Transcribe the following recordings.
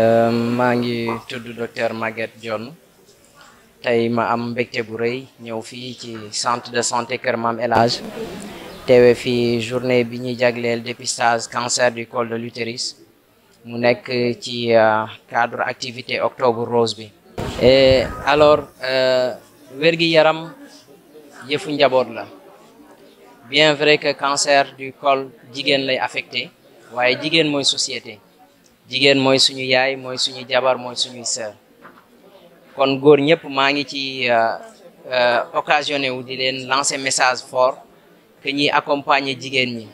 Ehm, maa ngi tudd docteur Maguette John. tey ma am mbégte bu rëy ñëw fii ci centre de santé Kër Maam El Hadj teewe fii journée bi ñuy jagleel dépistage cancer du col de l'utérus mu nekk ci euh, cadre activité octobre rose bi et alors euh, wér-gi-yaram yëfu njaboot la bien vrai que cancer du col jigéen lay affecté waaye jigéen mooy société jigen moy suñu yaay moy suñu jabar moy suñu sœur kon goor ñepp maa ngi ci euh, euh, occasionné wu di len lancer message fort que ñi accompagner jigen ñi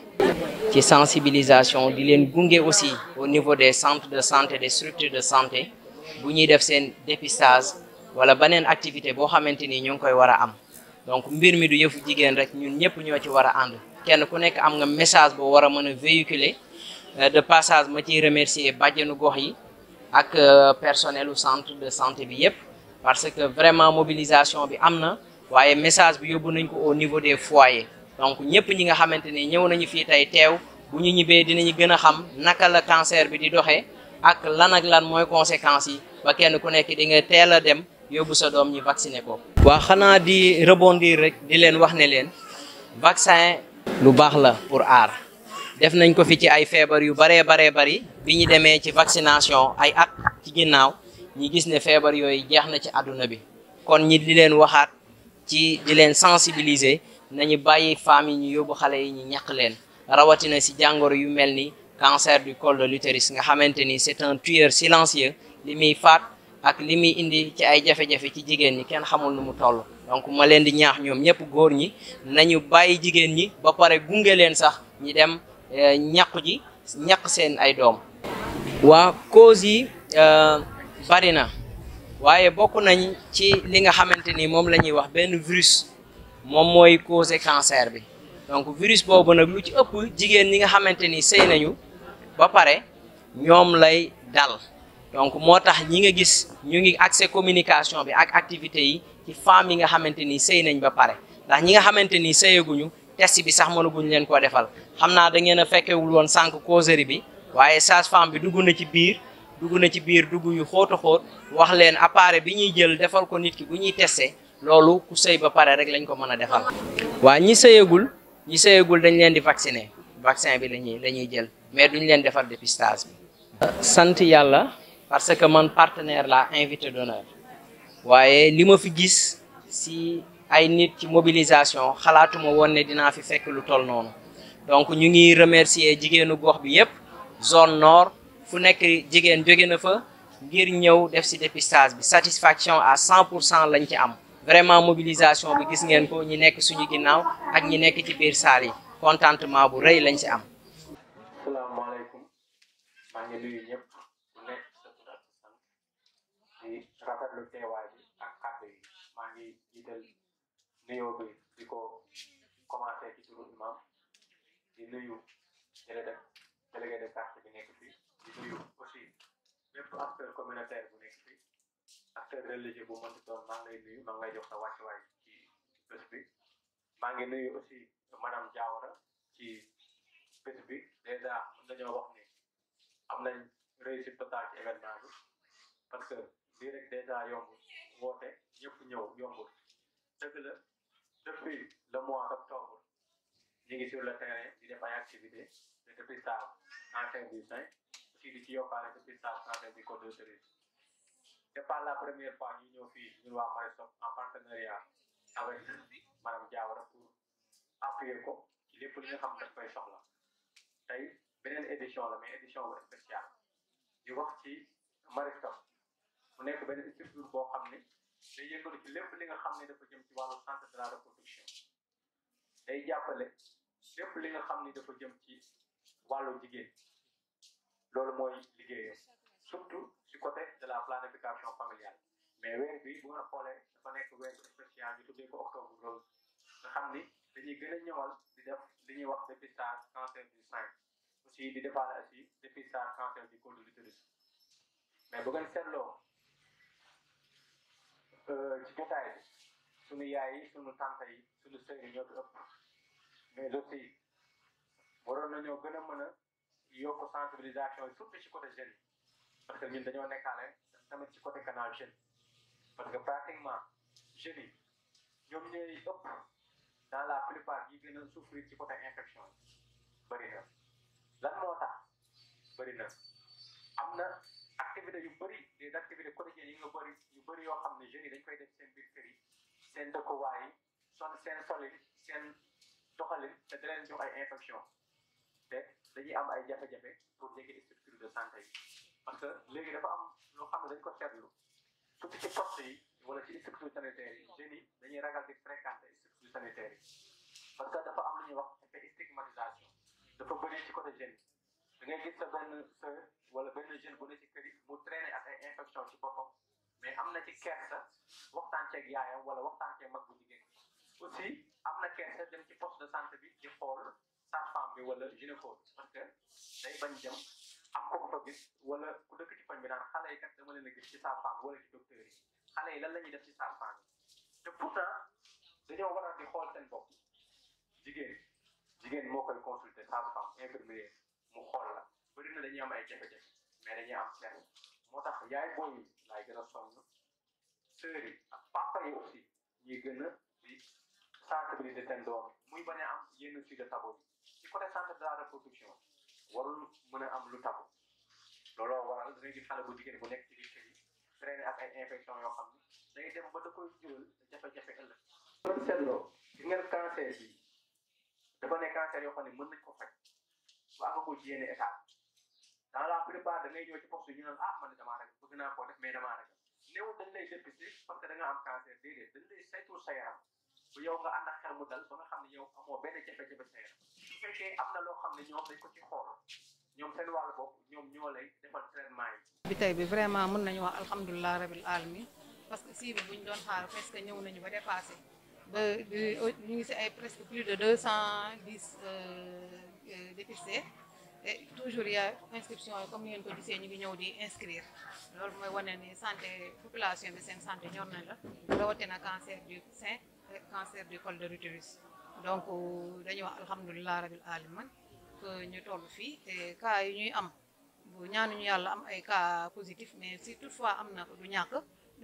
ci sensibilisation di len gungé aussi au niveau des centres de santé des structures de santé bu ñuy def sen dépistage wala beneen activité bo xamanteni ni ñu ngi koy wara am donc mbir mi du yëfu jigen rek ñun ñepp ñoo ci wara and kenn ku nekk am nga message bo wara mëna véhiculer euh, de passage ma ci remercier bàjjenu gox yi ak euh, personnel au centre de santé bi yëpp parce que vraiment mobilisation bi amna waye message bi yobou nañ ko au niveau des foyers donc ñëpp ñi nga xamanteni ñew nañu fi tay tew bu ñu ñibé dinañu gëna xam naka la cancer bi di doxé ak lan ak lan moy conséquences yi ba kenn ku nekk di nga téla dem yóbbu sa doom ñi vacciné ko. wa xana di rebondir rek di len wax ne len vaccin lu bax la pour ar. def nañ ko fi ci ay feebar yu baree baree bari bi ñu demee ci vaccination ay at ci ginnaaw ñi gis ne feebar yooyu jeex na ci adduna bi kon ñi di leen waxaat ci di leen sensibiliser nañu bàyyi femmes yi ñu yóbbu xale yi ñu ñàq leen rawatina si jàngoro yu mel ni cancer du col de nga xamante ni c'est un tueur silencieux li muy faat ak li muy indi ci ay jafe-jafe ci jigéen ñi kenn xamul nu mu toll donc ma leen di ñaax ñoom ñëpp góor ñi nañu ñi ba pare ñi Eh, ñàqu ji ñàq seen ay doom waa cause yi eh, bari na waaye bokk nañ ci li nga xamante ni moom la ñuy wax benn virus moom mooy causé cancer bi donc virus boobu nag lu ci ëpp jigéen ñi nga xamante ni sëy nañu ba pare ñoom lay dal donc moo tax ñi nga gis ñu ngi accès communication bi ak activités yi ci femmes yi nga xamante ni sëy nañ ba pare ndax ñi nga xamante ni sëyaguñu test bi gu mënaguñ leen koo defal xam naa da ngeen a fekkewul woon sànq causerie bi waaye sage-femme bi dugg na ci biir dugg na ci biir dugg yu xóot a wax leen appareil bi ñuy jël defal ko nit ki bu ñuy testé loolu ku sëy ba pare rek lañ ko mën a defal. waa ñi sëyagul ñi sëyagul dañ leen di vacciner vaccin bi lañuy la ñuy jël mais duñ leen defal dépistage bi. sant yàlla parce que man partenaire la invité d'honneur waaye li fi gis si. ay nit ci mobilisation xalaatuma woon dinaa fi fekk lu toll noonu donc ñu ngi remercier jigéenu gox bi yépp zone nord fu nekk jigéen jóge na fa ngir ñëw def si dépistage bi satisfaction à 100 pour cent lañ ci am vraiment mobilisation bu gis ngeen ko ñi nekk suñu ginnaaw ak ñi nekk ci biir saal yi contentement bu rëy lañ ci am. nuyoo bi di ko commencé ci turu imam di nuyu délégué délégué de quartier bi nekk fii nuyu aussi bépp acteur communautaire bu nekk fii acteur religieux bu mënti doon maa na nuyu maa ngi jox sa wàccuwaay ci bés bi maa ngi nuyu aussi madame Diawara ci bés bi dèjà mën nañoo wax ni am nañ réussite totale ci événement bi parce que lii rek dèjà yomb woote ñëpp ñëw yombul depuis le mois d'octobre ñu ngi sur le terrain di def ay activités de dépistage cancer du sein aussi di ci yóbbaale dépistage cancer du code de tourisme c'est pas la première fois ñu ñëw fii ñun waa Marisop en partenariat avec madame Diawara pour appuyer ko ci lépp li nga xam daf koy soxla tey beneen édition la ya. mais édition bu spéciale di wax ci Marisop mu nekk benn structure boo xam ne day yëngalu ci lépp li nga xam ne dafa jëm ci wàllu centre de la reproduction day jàppale lépp li nga xam ne dafa jëm ci wàllu jigéen loolu mooy liggéeyam surtout ci côté de la planification familiale mais weer bi bu nga xoolee dafa nekk weer spécial ñu tuddee ko octobre rose nga xam ni dañuy gën a ñëwal di def li ñuy wax dépistage cancer du sein aussi di defaale aussi dépistage cancer du col de l'utérus mais bu ngeen seetloo sunu yaay yi sunu tante yi sunu sëy yi ñoo fi ëpp mais aussi waroon nañoo gën a mën a yokk sensibilisation yi surtout ci côté jeunes parce que ñun dañoo nekkaale tamit ci côté canal jeune parce que pratiquement jeunes yi ñoom ñooy ëpp dans la plupart yi gën a souffrir ci côté infection yi bëri na moo tax bëri am na activité yu bëri des activités quotidiennes yi nga bëri yu bëri yoo xam ne jeunes dañ koy def seen seen dëkkuwaay sol seen solin seen doxalin te da leen jox ay infection te dañuy am ay jafe-jafe pour jege structure de yi parce que léegi dafa am loo xam dañ ko seetlu surtout ci poste wala ci structure sanitaire yi yi dañuy ragal di fréquenter structure sanitaire yi parce que dafa am lu ñuy wax effet stigmatisation dafa bëri ci côté jeune da ngay gis sa benn sœur wala benn jeune bu ne ci kër yi mu traîner ak ay infection ci boppam mais am na ci kersa waxtaan ceeg yaayam wala waxtaan ceeg mag bu jigéen aussi am na kersa dem ci poste de santé bi di xool sage-femme bi wala gynéco parce que day bañ jëm am ko ko fa gis wala ku dëkk ci koñ bi naan xale yi kat dama leen a gis ci sage-femme wala ci docteur yi xale yi lan la ñuy def ci sage-femme yi te pourtant dañoo war di xool seen bopp jigéen jigéen moo koy consulter sage-femme infirmier mu xool la bëri na dañuy am ay jafe-jafe mais dañuy am moo tax yaay booy laay gën a sonn sœurs yi ak papa yi aussi ñuy gën a di sensibiliser seen doom muy bañ a am yenn sujet tabou yi ci côté sa de la reproduction warul mën a am lu tabou looloo waral dangay gis xale bu jigéen bu nekk ci biir kër yi traîné ak ay infection yoo xam ne dangay dem ba da koy jural jafe-jafe ëllëg. loolu seetloo gis ngeen cancer bi dafa ne cancer yoo xam ne mën nañ ko faj bu àgg ko jéene état. dans la plupart ñëw dañ lay dépisté parce que da nga am cancer déedéet dañ lay saytu sa yaram bu yow nga ànd ak mu dal ba nga xam ne yow amoo benn jafe-jafe sa yaram su ñoom dañ ko ci xool ñoom seen wàllu bopp ñoom ñoo lay defal traitement yi. bi tey bi vraiment mën nañu wax alhamdulilah rabil alamin parce que si bi buñ doon xaar presque ñëw nañu ba dépassé ba ñu ngi si ay presque plus de deux cent dix euh, euh, dépistés. et eh, toujours a inscription comme ni ngeen ko gisee ñu ngi ñëw di inscrire loolu mooy wane ni santé population de seen santé ñor na la un cancer du sein et cancer du col de l'utérus donc dañuy wax alhamdulilah rabil alamin que ñu toll fi et cas yi ñuy am bu ñaanuñu yàlla am ay cas positif mais si toutefois am na du ñàkk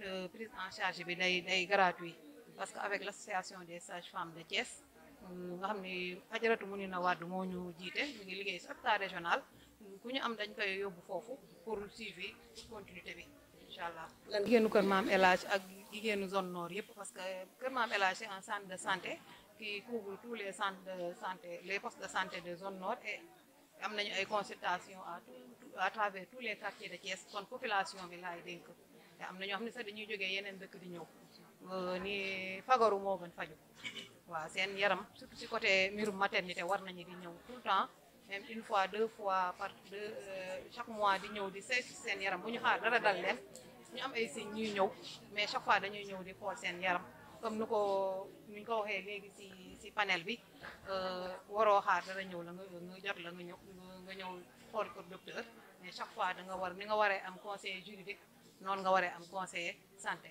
euh, prise en charge bi day day gratuit parce que avec l'association des sages-femmes de Thiès nga xam ni ajaratu mu ni na wàdd moo ñu jiite ñu ngi liggéey si hôpital régional ku ñu am dañ koy yóbbu foofu pour suivi continuité bi incha allah. lan jigéenu Kër Maam El Hadj ak jigéenu zone nord yëpp parce que Kër Maam El Hadj c'est un centre de santé qui couvre tous les centres de santé les postes de santé de zone nord et am nañu ay consultations à tout à travers tous les quartiers de Thiès kon population bi laay dénk te am na ñoo xam ne sax dañuy jógee yeneen dëkk di ñëw euh, ni fagaru moo gën faju waaw seen yaram surtout si côté mbirum maternité war nañu di ñëw tout le temps même une fois deux fois par deux euh, chaque mois di ñëw di saytu seen yaram bu ñu xaar dara dal leen ñu am ay signes ñuy ñëw mais chaque fois dañuy ñëw di xool seen yaram comme nu ko nuñ ko waxee léegi si si panel bi euh, waroo xaar dara ñëw la nga nga jot la nga ñëw nga ñëw xool ko docteur mais chaque fois da nga war ni nga waree am conseiller juridique noonu nga waree am conseiller santé